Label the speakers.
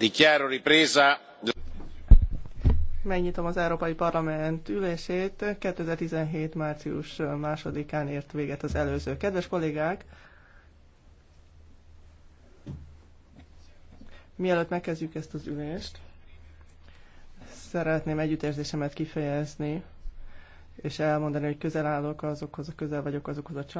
Speaker 1: Dichiaro ripresa.
Speaker 2: Megnyitom az Európai Parlament ülését. 2017. március másodikán ért véget az előző. Kedves kollégák, mielőtt megkezdjük ezt az ülést, szeretném együttérzésemet kifejezni, és elmondani, hogy közel állok azokhoz, a közel vagyok azokhoz a